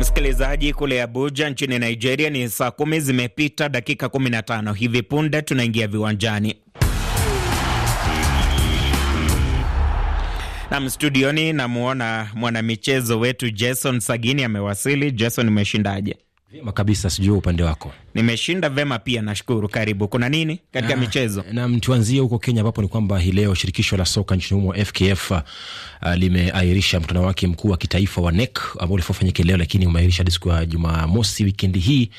Msikilizaji, kule Abuja nchini Nigeria ni saa kumi zimepita dakika 15. Hivi punde tunaingia viwanjani nam studioni, namwona mwanamichezo wetu Jason Sagini amewasili. Jason, umeshindaje? Vyema kabisa, sijui upande wako. Nimeshinda vema pia, nashukuru. Karibu, kuna nini katika ah, michezo? Nam, tuanzie huko Kenya ambapo ni kwamba hii leo shirikisho la soka nchini humo FKF uh, ah, limeahirisha mkutano wake mkuu wa kitaifa wa NEC ambao ulikuwa ufanyike leo, lakini umeahirisha hadi siku ya Jumamosi wikendi hii,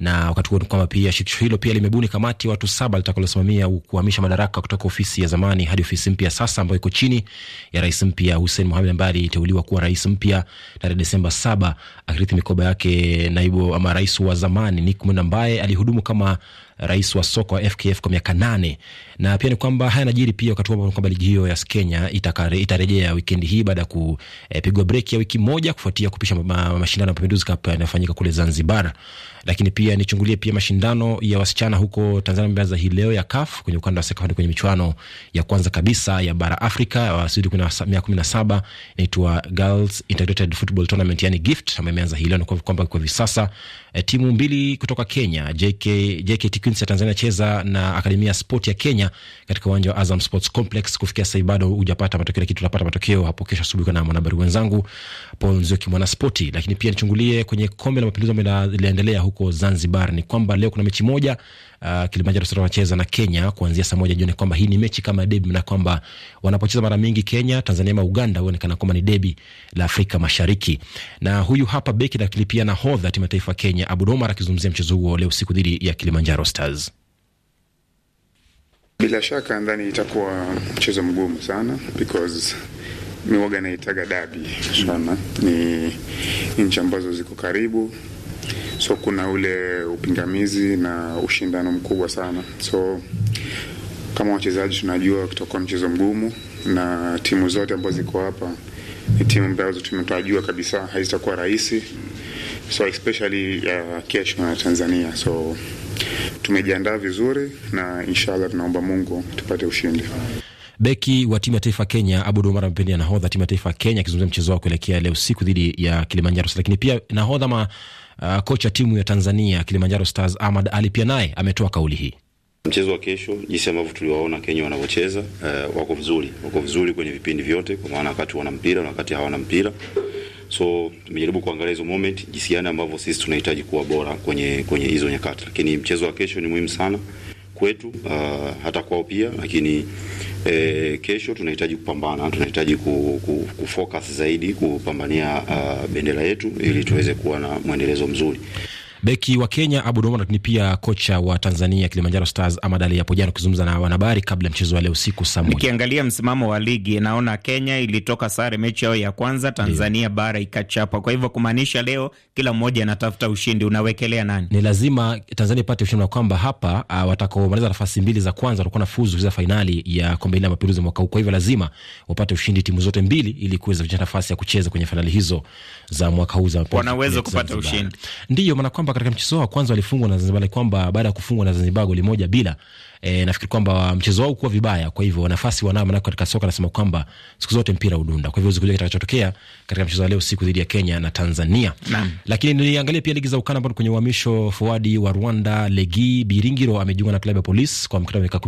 na wakati huo ni kwamba pia shirikisho hilo pia limebuni kamati watu saba litakalosimamia kuhamisha madaraka kutoka ofisi ya zamani hadi ofisi mpya sasa, ambayo iko chini ya rais mpya Hussein Mohamed ambaye aliteuliwa kuwa rais mpya tarehe Desemba saba, akirithi mikoba yake naibu ama rais wa zamani Nick Mwendwa ambaye alihudumu kama rais wa soka wa FKF kwa miaka nane na pia ni kwamba haya najiri pia wakati kwamba ligi hiyo ya Kenya itarejea wikendi hii baada ya kupigwa eh, breki ya wiki moja kufuatia kupisha mashindano ya Mapinduzi Cup yanayofanyika kule Zanzibar. Lakini pia nichungulie pia mashindano ya wasichana huko Tanzania ameanza hii leo ya CAF kwenye ukanda wa sekondari kwenye michuano ya kwanza kabisa ya bara Afrika wasudi mia kumi na saba inaitwa Girls Integrated Football Tournament yani GIFT ambayo imeanza hii leo, kwamba kwa hivi sasa eh, timu mbili kutoka Kenya JK, JKT Queens ya Tanzania cheza na Akademia Sport ya Kenya katika uwanja wa Azam Sports Complex. Kufikia sasa bado hujapata matokeo, lakini tutapata matokeo hapo kesho asubuhi na mwanahabari wenzangu Paul Nzioki, mwana spoti. Lakini pia nichungulie kwenye kombe la mapinduzi ambalo linaendelea huko Zanzibar, ni kwamba leo kuna mechi moja uh, Kilimanjaro sasa wanacheza na Kenya kuanzia saa moja jioni, kwamba hii ni mechi kama debi, na kwamba wanapocheza mara mingi Kenya, Tanzania ama Uganda huonekana kwamba ni debi la Afrika Mashariki. Na huyu hapa beki, na kilipia na hodha timu ya taifa Kenya Abud Omar akizungumzia mchezo huo leo siku dhidi ya Kilimanjaro Stars. Bila shaka nadhani itakuwa mchezo mgumu sana because miwaga naitaga dabi sana, ni nchi ambazo ziko karibu, so kuna ule upingamizi na ushindano mkubwa sana. So kama wachezaji tunajua kitakuwa mchezo mgumu, na timu zote ambazo ziko hapa ni timu ambazo tumetajua kabisa hazitakuwa rahisi, so especially uh, kesho na Tanzania so tumejiandaa vizuri na inshallah tunaomba Mungu tupate ushindi. Beki wa timu ya taifa Kenya Abudu Omar amependia nahodha timu ya taifa Kenya akizungumzia mchezo wao kuelekea leo usiku dhidi ya Kilimanjaro, lakini pia nahodha ma uh, kocha timu ya Tanzania Kilimanjaro Stars Ahmad Ali pia naye ametoa kauli hii. Mchezo wa kesho, jinsi ambavyo tuliwaona Kenya wanavyocheza, uh, wako vizuri, wako vizuri kwenye vipindi vyote, kwa maana wakati wana mpira na wakati hawana mpira So tumejaribu kuangalia hizo moment, jinsi gani ambavyo sisi tunahitaji kuwa bora kwenye kwenye hizo nyakati, lakini mchezo wa kesho ni muhimu sana kwetu uh, hata kwao pia, lakini eh, kesho tunahitaji kupambana, tunahitaji ku, ku, focus zaidi kupambania uh, bendera yetu ili tuweze kuwa na mwendelezo mzuri. Beki wa Kenya Abu Domar, lakini pia kocha wa Tanzania Kilimanjaro Stars Ahmad Ali hapo jana akizungumza na wanahabari kabla ya mchezo wa leo usiku saa moja. Nikiangalia msimamo wa ligi, naona Kenya ilitoka sare mechi yao ya kwanza, Tanzania Deo bara ikachapa. Kwa hivyo kumaanisha leo kila mmoja anatafuta ushindi. Unawekelea nani? Ni lazima Tanzania ipate ushindi, na kwamba hapa uh, watakaomaliza nafasi mbili za kwanza watakuwa na fuzu kucheza fainali ya kombe la mapinduzi mwaka huu. Kwa hivyo lazima wapate ushindi timu zote mbili, ili kuweza kucheza nafasi ya kucheza kwenye fainali hizo za mwaka huu za wanaweza kupata ushindi, ndiyo maana kwamba kwamba katika mchezo wa kwanza walifungwa na Zanzibar, kwamba baada ya kufungwa na Zanzibar goli moja bila E, nafikiri kwamba mchezo wao kuwa vibaya, kwa hivyo nafasi wanao, maanake katika soka nasema kwamba siku zote mpira udunda. Kwa hivyo zikuja kitakachotokea katika mchezo wa leo siku dhidi ya Kenya na Tanzania na. Lakini niangalie pia ligi za ukanda ambao kwenye uhamisho forward wa Rwanda Legi Biringiro amejiunga na klabu ya Polisi kwa mkataba wa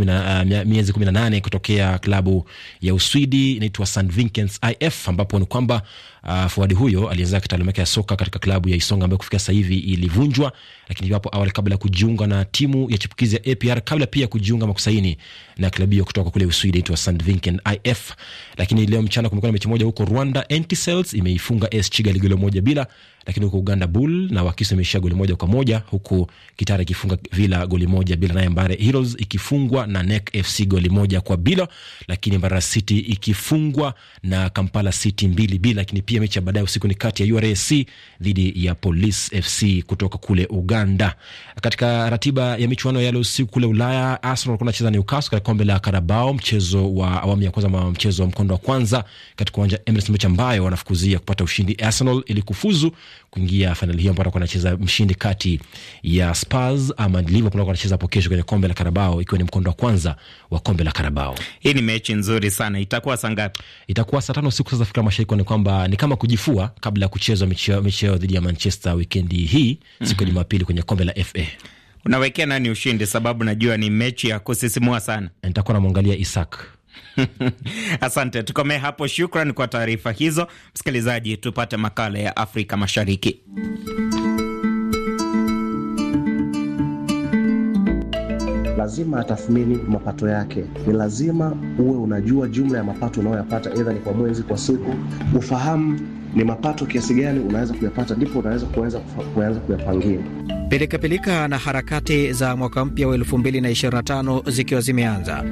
uh, miezi 18 kutokea klabu ya Uswidi inaitwa St Vincents IF ambapo ni kwamba uh, fuadi huyo alianza kitaaluma yake ya soka katika klabu ya Isonga ambayo kufikia sasa hivi ilivunjwa, lakini hapo awali kabla ya kujiunga na timu ya chipukizi ya APR kabla pia kujiunga ama kusaini na klabu hiyo kutoka kule Uswidi inaitwa Sandviken IF. Lakini leo mchana kumekuwa na mechi moja huko Rwanda, Etincelles imeifunga SC Kigali goli moja bila lakini huku Uganda Bull na Wakiso imeishia goli moja kwa moja huku Kitara ikifunga Vila goli moja bila, naye Mbare Heroes ikifungwa na NEC FC goli moja kwa bila, lakini Mbarara City ikifungwa na Kampala City mbili bila. Lakini pia mechi ya baadaye usiku ni kati ya URAC dhidi ya Police FC kutoka kule Uganda. Katika ratiba ya michuano yale usiku kule Ulaya, Arsenal walikuwa wanacheza Newcastle katika kombe la Carabao, mchezo wa awamu ya kwanza wa mchezo wa mkondo wa kwanza katika uwanja Emirates, mechi ambayo wanafukuzia kupata ushindi. Arsenal ili kufuzu kuingia fainali hiyo ambapo atakuwa anacheza mshindi kati ya Spurs ama Liverpool anacheza hapo kesho kwenye kombe la Carabao, ikiwa ni mkondo wa kwanza wa kombe la Carabao. Hii ni mechi nzuri sana. Itakuwa saa ngapi? Itakuwa saa tano siku za Afrika Mashariki, ni kwamba ni kama kujifua kabla ya kuchezwa mechi yao dhidi ya Manchester wikendi hii siku ya mhm. Jumapili kwenye kombe la FA. Unawekea nani ushindi? Sababu najua ni mechi ya kusisimua sana. Nitakuwa namwangalia Isak Asante, tukomee hapo. Shukran kwa taarifa hizo. Msikilizaji, tupate makala ya Afrika Mashariki. Lazima atathmini mapato yake. Ni lazima uwe unajua jumla ya mapato unayoyapata, edha ni kwa mwezi, kwa siku, ufahamu ni mapato kiasi gani unaweza kuyapata, ndipo unaweza kuanza kuyapangia. Pilikapilika na harakati za mwaka mpya wa 2025 zikiwa zimeanza,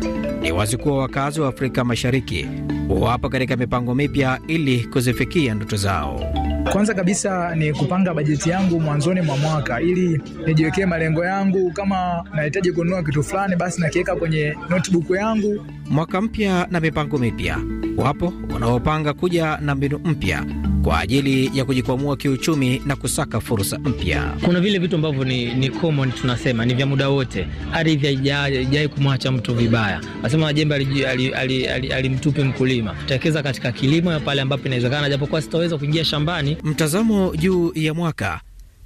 ni wazi kuwa wakazi wa Afrika Mashariki wapo katika mipango mipya ili kuzifikia ndoto zao. Kwanza kabisa ni kupanga bajeti yangu mwanzoni mwa mwaka ili nijiwekee malengo yangu. Kama nahitaji kununua kitu fulani, basi nakiweka kwenye notebook yangu. Mwaka mpya na mipango mipya, wapo wanaopanga kuja na mbinu mpya kwa ajili ya kujikwamua kiuchumi na kusaka fursa mpya. Kuna vile vitu ambavyo ni, ni common tunasema ni vya muda wote. Ardhi haijai kumwacha mtu vibaya, nasema jembe alimtupe mkulima. Tekeza katika kilimo pale ambapo inawezekana, japokuwa sitaweza kuingia shambani. Mtazamo juu ya mwaka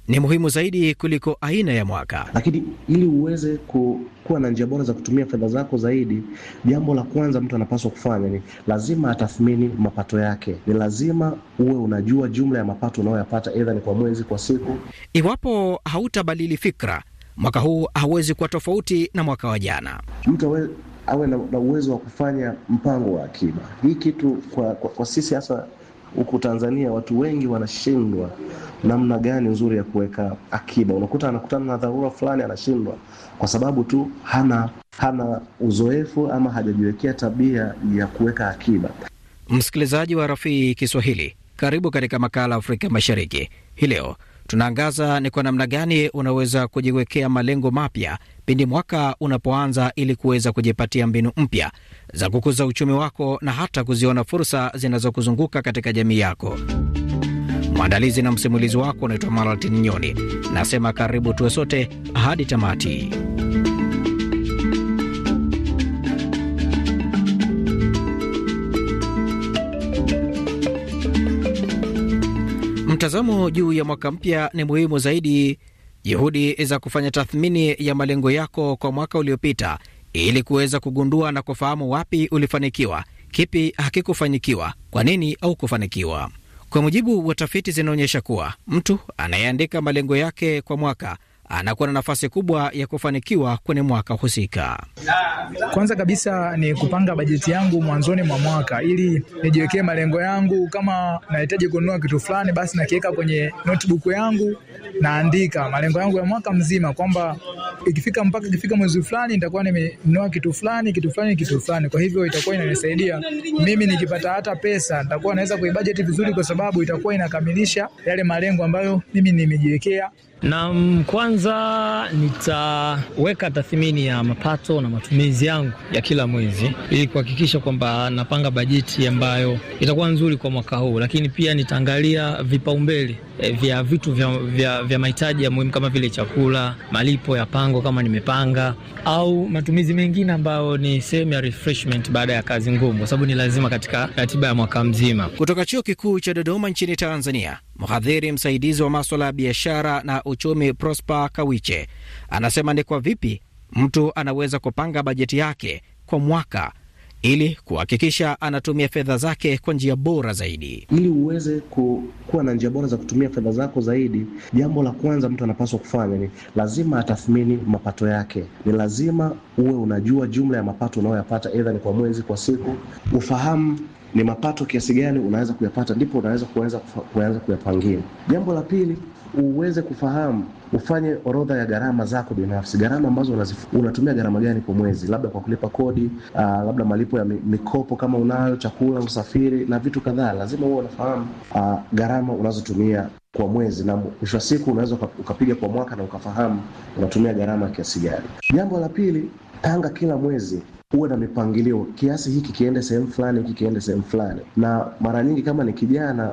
ni muhimu zaidi kuliko aina ya mwaka. Lakini ili uweze kuwa na njia bora za kutumia fedha zako zaidi, jambo la kwanza mtu anapaswa kufanya ni lazima atathmini mapato yake. Ni lazima uwe unajua jumla ya mapato unayoyapata, aidha ni kwa mwezi, kwa siku. Iwapo hautabadili fikra, mwaka huu hauwezi kuwa tofauti na mwaka wa jana. Mtu awe, awe na, na uwezo wa kufanya mpango wa akiba. Hii kitu kwa, kwa, kwa sisi hasa huku Tanzania watu wengi wanashindwa namna gani nzuri ya kuweka akiba. Unakuta anakutana na dharura fulani, anashindwa kwa sababu tu hana hana uzoefu ama hajajiwekea tabia ya kuweka akiba. Msikilizaji wa Rafii Kiswahili, karibu katika makala Afrika Mashariki hii leo. Tunaangaza ni kwa namna gani unaweza kujiwekea malengo mapya pindi mwaka unapoanza ili kuweza kujipatia mbinu mpya za kukuza uchumi wako na hata kuziona fursa zinazokuzunguka katika jamii yako. Mwandalizi na msimulizi wako unaitwa Maratin Nyoni, nasema karibu tuwe sote hadi tamati. Mtazamo juu ya mwaka mpya ni muhimu zaidi juhudi za kufanya tathmini ya malengo yako kwa mwaka uliopita ili kuweza kugundua na kufahamu wapi ulifanikiwa, kipi hakikufanyikiwa, kwa nini au kufanikiwa. Kwa mujibu wa tafiti zinaonyesha kuwa mtu anayeandika malengo yake kwa mwaka anakuwa na nafasi kubwa ya kufanikiwa kwenye mwaka husika. Kwanza kabisa ni kupanga bajeti yangu mwanzoni mwa mwaka ili nijiwekee malengo yangu. Kama nahitaji kununua kitu fulani, basi nakiweka kwenye notebook yangu, naandika malengo yangu ya mwaka mzima kwamba ikifika mpaka ikifika mwezi fulani nitakuwa nimenunua kitu fulani kitu fulani kitu fulani. Kwa hivyo itakuwa inanisaidia mimi, nikipata hata pesa nitakuwa naweza kuibajeti vizuri, kwa sababu itakuwa inakamilisha yale malengo ambayo mimi nimejiwekea na kwanza nitaweka tathmini ya mapato na matumizi yangu ya kila mwezi ili kuhakikisha kwamba napanga bajeti ambayo itakuwa nzuri kwa mwaka huu, lakini pia nitaangalia vipaumbele e, vya vitu vya, vya, vya mahitaji ya muhimu kama vile chakula, malipo ya pango kama nimepanga, au matumizi mengine ambayo ni sehemu ya refreshment baada ya kazi ngumu, kwa sababu ni lazima katika ratiba ya mwaka mzima. Kutoka Chuo Kikuu cha Dodoma nchini Tanzania. Mhadhiri msaidizi wa maswala ya biashara na uchumi Prosper Kawiche anasema ni kwa vipi mtu anaweza kupanga bajeti yake kwa mwaka ili kuhakikisha anatumia fedha zake kwa njia bora zaidi. Ili uweze kuwa na njia bora za kutumia fedha zako zaidi, jambo la kwanza mtu anapaswa kufanya ni lazima atathmini mapato yake. Ni lazima uwe unajua jumla ya mapato unayoyapata, aidha ni kwa mwezi, kwa siku, ufahamu ni mapato kiasi gani unaweza kuyapata, ndipo unaweza kuanza kuanza kuyapangia. Jambo la pili, uweze kufahamu ufanye orodha ya gharama zako binafsi, gharama ambazo unatumia gharama gani kwa mwezi, labda kwa kulipa kodi, uh, labda malipo ya mikopo kama unayo, chakula, usafiri na vitu kadhaa. Lazima uwe unafahamu ah, gharama unazotumia kwa mwezi, na mwisho wa siku unaweza ukapiga kwa mwaka na ukafahamu unatumia gharama kiasi gani. Jambo la pili, panga kila mwezi uwe na mipangilio, kiasi hiki kiende sehemu fulani, hiki kiende sehemu fulani. Na mara nyingi kama ni kijana,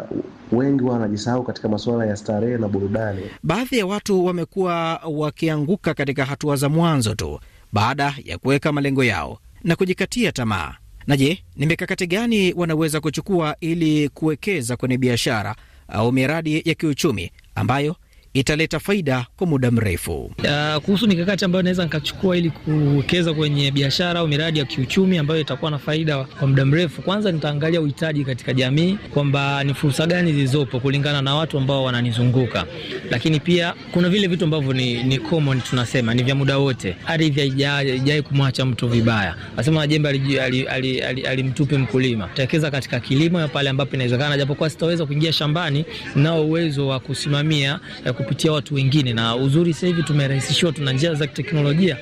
wengi wanajisahau katika masuala ya starehe na burudani. Baadhi ya watu wamekuwa wakianguka katika hatua za mwanzo tu baada ya kuweka malengo yao na kujikatia tamaa. Na je, ni mikakati gani wanaweza kuchukua ili kuwekeza kwenye biashara au miradi ya kiuchumi ambayo italeta faida kwa muda mrefu. Uh, kuhusu mikakati ambayo naweza nikachukua ili kuwekeza kwenye biashara au miradi ya kiuchumi ambayo itakuwa na faida kwa muda mrefu, kwanza nitaangalia uhitaji katika jamii kwamba ni fursa gani zilizopo kulingana na watu ambao wananizunguka, lakini pia kuna vile vitu ambavyo ni, ni common tunasema ni vya muda wote. Ardhi haijai kumwacha mtu vibaya, nasema jembe alimtupe ali, ali, ali, ali ali mkulima. Tawekeza katika kilimo pale ambapo inawezekana, japokuwa sitaweza kuingia shambani, nao uwezo wa kusimamia eh, kupitia watu wengine, na uzuri sasa hivi tumerahisishiwa, tuna njia za kiteknolojia.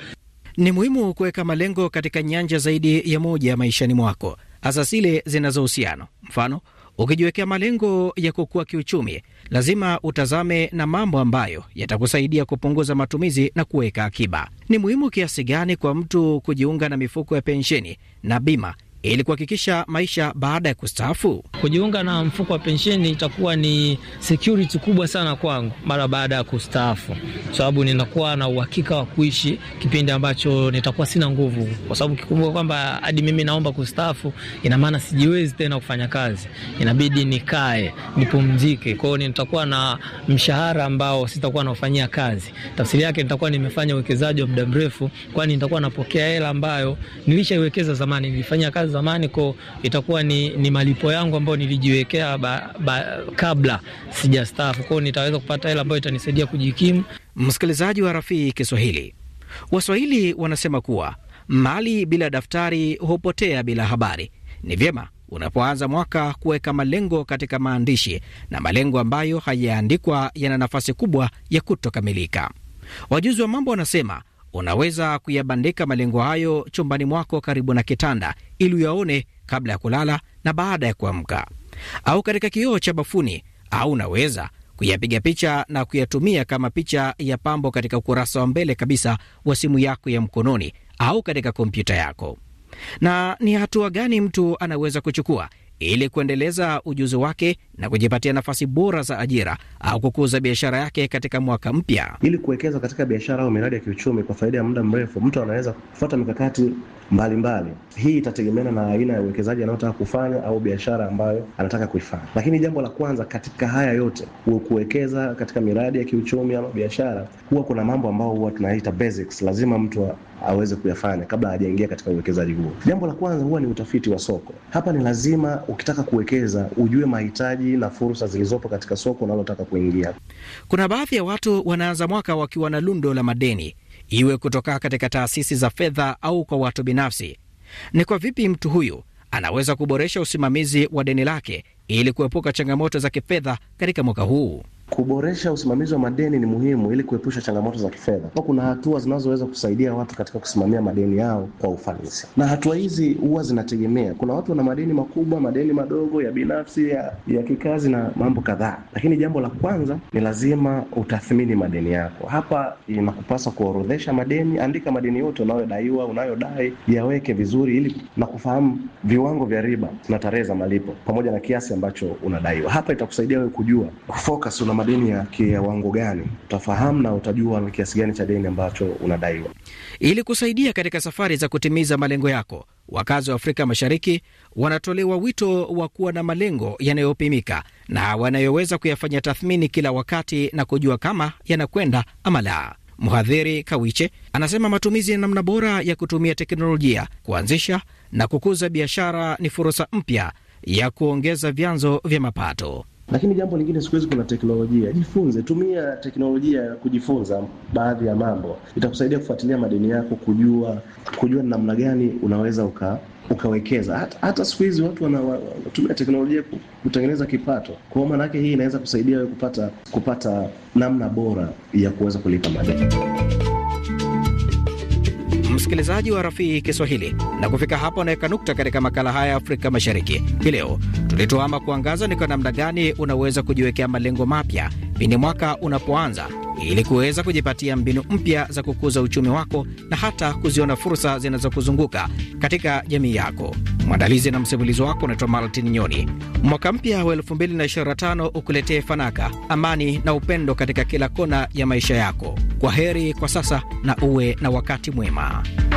Ni muhimu kuweka malengo katika nyanja zaidi ya moja maishani mwako, hasa zile zinazohusiano. Mfano, ukijiwekea malengo ya kukua kiuchumi, lazima utazame na mambo ambayo yatakusaidia kupunguza matumizi na kuweka akiba. Ni muhimu kiasi gani kwa mtu kujiunga na mifuko ya pensheni na bima ili kuhakikisha maisha baada ya kustaafu. Kujiunga na mfuko wa pensheni itakuwa ni security kubwa sana kwangu mara baada ya kustaafu, kwa sababu ninakuwa na uhakika wa kuishi kipindi ambacho nitakuwa sina nguvu, kwa sababu kikumbuka kwamba hadi mimi naomba kustaafu, ina maana sijiwezi tena kufanya kazi, inabidi nikae nipumzike. Kwa hiyo nitakuwa na mshahara ambao sitakuwa naofanyia kazi. Tafsiri yake nitakuwa nimefanya uwekezaji wa muda mrefu, kwani nitakuwa napokea hela ambayo nilishaiwekeza zamani, nilifanya kazi zamani, ko itakuwa ni, ni malipo yangu ambayo nilijiwekea ba, ba, kabla sijastaafu, kwao nitaweza kupata hela ambayo itanisaidia kujikimu. Msikilizaji wa Rafii Kiswahili, Waswahili wanasema kuwa mali bila daftari hupotea bila habari. Ni vyema unapoanza mwaka kuweka malengo katika maandishi, na malengo ambayo hayaandikwa yana nafasi kubwa ya kutokamilika. Wajuzi wa mambo wanasema Unaweza kuyabandika malengo hayo chumbani mwako karibu na kitanda ili uyaone kabla ya kulala na baada ya kuamka, au katika kioo cha bafuni, au unaweza kuyapiga picha na kuyatumia kama picha ya pambo katika ukurasa wa mbele kabisa wa simu yako ya mkononi au katika kompyuta yako. Na ni hatua gani mtu anaweza kuchukua ili kuendeleza ujuzi wake na kujipatia nafasi bora za ajira au kukuza biashara yake katika mwaka mpya. Ili kuwekeza katika biashara au miradi ya kiuchumi kwa faida ya muda mrefu, mtu anaweza kufuata mikakati mbalimbali. Hii itategemeana na aina ya uwekezaji anayotaka kufanya au biashara ambayo anataka kuifanya. Lakini jambo la kwanza katika haya yote, kuwekeza katika miradi ya kiuchumi ama biashara, huwa kuna mambo ambayo huwa tunaita basics, lazima mtu aweze kuyafanya kabla hajaingia katika uwekezaji huo. Jambo la kwanza huwa ni utafiti wa soko. Hapa ni lazima ukitaka kuwekeza ujue mahitaji na fursa zilizopo katika soko unalotaka kuingia. Kuna baadhi ya watu wanaanza mwaka wakiwa na lundo la madeni iwe kutoka katika taasisi za fedha au kwa watu binafsi. Ni kwa vipi mtu huyu anaweza kuboresha usimamizi wa deni lake ili kuepuka changamoto za kifedha katika mwaka huu? Kuboresha usimamizi wa madeni ni muhimu ili kuepusha changamoto za kifedha. Kuna hatua zinazoweza kusaidia watu katika kusimamia madeni yao kwa ufanisi, na hatua hizi huwa zinategemea. Kuna watu wana madeni makubwa, madeni madogo, ya binafsi, ya, ya kikazi na mambo kadhaa. Lakini jambo la kwanza ni lazima utathmini madeni yako. Hapa inakupasa kuorodhesha madeni, andika madeni yote unayodaiwa, unayodai, yaweke vizuri, ili na kufahamu viwango vya riba na tarehe za malipo pamoja na kiasi ambacho unadaiwa. Hapa itakusaidia wewe kujua kufocus una madeni ya kiwango gani, utafahamu na utajua ni kiasi gani cha deni ambacho unadaiwa. Ili kusaidia katika safari za kutimiza malengo yako, wakazi wa Afrika Mashariki wanatolewa wito wa kuwa na malengo yanayopimika na wanayoweza kuyafanya tathmini kila wakati na kujua kama yanakwenda ama la. Mhadhiri Kawiche anasema matumizi ya namna bora ya kutumia teknolojia kuanzisha na kukuza biashara ni fursa mpya ya kuongeza vyanzo vya mapato. Lakini jambo lingine siku hizi kuna teknolojia, jifunze, tumia teknolojia ya kujifunza baadhi ya mambo, itakusaidia kufuatilia madeni yako, kujua kujua namna gani unaweza uka ukawekeza hata, hata siku hizi watu wanatumia teknolojia kutengeneza kipato. Kwa maana yake hii inaweza kusaidia wewe kupata kupata namna bora ya kuweza kulipa madeni msikilizaji wa Rafii Kiswahili, na kufika hapo anaweka nukta katika makala haya ya Afrika Mashariki hii leo. Tulituama kuangaza ni kwa namna gani unaweza kujiwekea malengo mapya pindi mwaka unapoanza ili kuweza kujipatia mbinu mpya za kukuza uchumi wako na hata kuziona fursa zinazokuzunguka katika jamii yako. Mwandalizi na msimulizi wako unaitwa Martin Nyoni. Mwaka mpya wa 2025 ukuletee fanaka, amani na upendo katika kila kona ya maisha yako. Kwa heri kwa sasa na uwe na wakati mwema.